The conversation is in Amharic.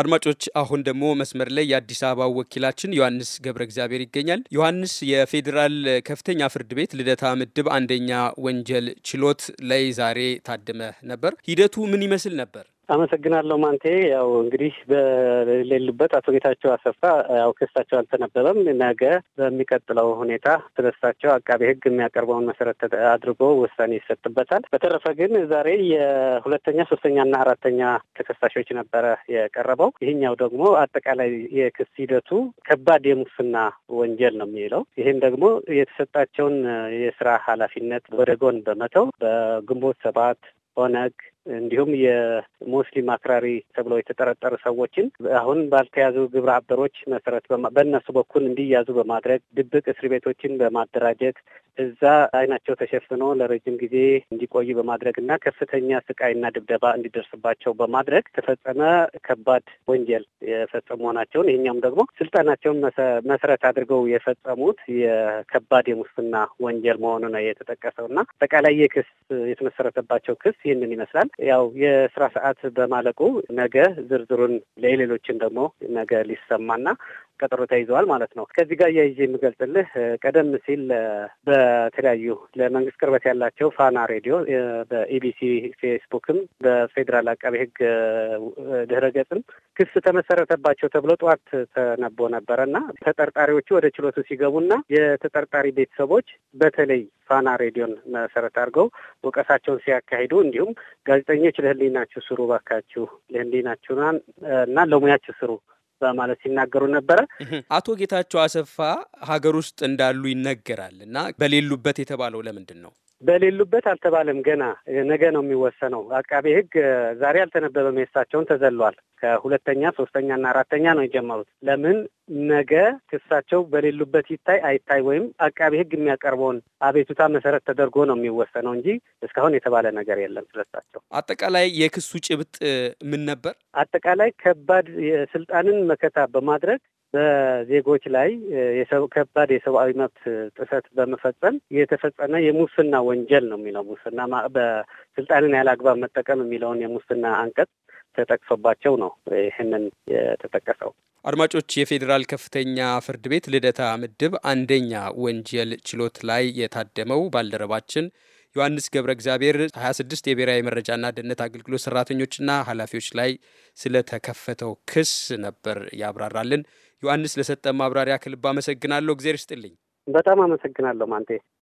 አድማጮች አሁን ደግሞ መስመር ላይ የአዲስ አበባ ወኪላችን ዮሐንስ ገብረ እግዚአብሔር ይገኛል። ዮሐንስ፣ የፌዴራል ከፍተኛ ፍርድ ቤት ልደታ ምድብ አንደኛ ወንጀል ችሎት ላይ ዛሬ ታድመ ነበር። ሂደቱ ምን ይመስል ነበር? አመሰግናለሁ ማንቴ። ያው እንግዲህ በሌሉበት አቶ ጌታቸው አሰፋ ያው ክስታቸው አልተነበበም። ነገ በሚቀጥለው ሁኔታ ስለሳቸው አቃቤ ሕግ የሚያቀርበውን መሰረት አድርጎ ውሳኔ ይሰጥበታል። በተረፈ ግን ዛሬ የሁለተኛ ሶስተኛና አራተኛ ተከሳሾች ነበረ የቀረበው። ይህኛው ደግሞ አጠቃላይ የክስ ሂደቱ ከባድ የሙስና ወንጀል ነው የሚለው። ይህም ደግሞ የተሰጣቸውን የስራ ኃላፊነት ወደ ጎን በመተው በግንቦት ሰባት ኦነግ እንዲሁም የሙስሊም አክራሪ ተብለው የተጠረጠሩ ሰዎችን አሁን ባልተያዙ ግብረ አበሮች መሰረት በእነሱ በኩል እንዲያዙ በማድረግ ድብቅ እስር ቤቶችን በማደራጀት እዛ አይናቸው ተሸፍኖ ለረጅም ጊዜ እንዲቆዩ በማድረግ እና ከፍተኛ ስቃይና ድብደባ እንዲደርስባቸው በማድረግ ተፈጸመ ከባድ ወንጀል የፈጸሙ መሆናቸውን ይህኛውም ደግሞ ስልጣናቸውን መሰረት አድርገው የፈጸሙት የከባድ የሙስና ወንጀል መሆኑ ነው የተጠቀሰው እና አጠቃላይ የክስ የተመሰረተባቸው ክስ ይህንን ይመስላል። ያው የስራ ሰዓት በማለቁ ነገ ዝርዝሩን ለሌሎችን ደግሞ ነገ ሊሰማና ቀጠሮ ተይዘዋል ማለት ነው። ከዚህ ጋር እያይዤ የምገልጽልህ ቀደም ሲል በተለያዩ ለመንግስት ቅርበት ያላቸው ፋና ሬዲዮ፣ በኢቢሲ ፌስቡክም፣ በፌዴራል አቃቤ ሕግ ድህረ ገጽም ክስ ተመሰረተባቸው ተብሎ ጠዋት ተነቦ ነበረ እና ተጠርጣሪዎቹ ወደ ችሎቱ ሲገቡና የተጠርጣሪ ቤተሰቦች በተለይ ፋና ሬዲዮን መሰረት አድርገው ወቀሳቸውን ሲያካሂዱ እንዲሁም ጋዜጠኞች ለህሊናችሁ ስሩ፣ ባካችሁ ለህሊናችሁና እና ለሙያችሁ ስሩ በማለት ሲናገሩ ነበረ። አቶ ጌታቸው አሰፋ ሀገር ውስጥ እንዳሉ ይነገራል እና በሌሉበት የተባለው ለምንድን ነው? በሌሉበት አልተባለም። ገና ነገ ነው የሚወሰነው። አቃቤ ሕግ ዛሬ አልተነበበም። የእሳቸውን ተዘሏል። ከሁለተኛ ሶስተኛ እና አራተኛ ነው የጀመሩት። ለምን ነገ ክሳቸው በሌሉበት ይታይ አይታይ ወይም አቃቤ ሕግ የሚያቀርበውን አቤቱታ መሰረት ተደርጎ ነው የሚወሰነው እንጂ እስካሁን የተባለ ነገር የለም ስለሳቸው። አጠቃላይ የክሱ ጭብጥ ምን ነበር? አጠቃላይ ከባድ የስልጣንን መከታ በማድረግ በዜጎች ላይ ከባድ የሰብአዊ መብት ጥሰት በመፈጸም የተፈጸመ የሙስና ወንጀል ነው የሚለው ሙስና በስልጣንን ያለ አግባብ መጠቀም የሚለውን የሙስና አንቀጽ ተጠቅሶባቸው ነው ይህንን የተጠቀሰው። አድማጮች፣ የፌዴራል ከፍተኛ ፍርድ ቤት ልደታ ምድብ አንደኛ ወንጀል ችሎት ላይ የታደመው ባልደረባችን ዮሐንስ ገብረ እግዚአብሔር 26 የብሔራዊ መረጃና ደህንነት አገልግሎት ሰራተኞችና ኃላፊዎች ላይ ስለተከፈተው ክስ ነበር ያብራራልን። ዮሐንስ ለሰጠ ማብራሪያ ከልብ አመሰግናለሁ። እግዜር ይስጥልኝ። በጣም አመሰግናለሁ ማንቴ።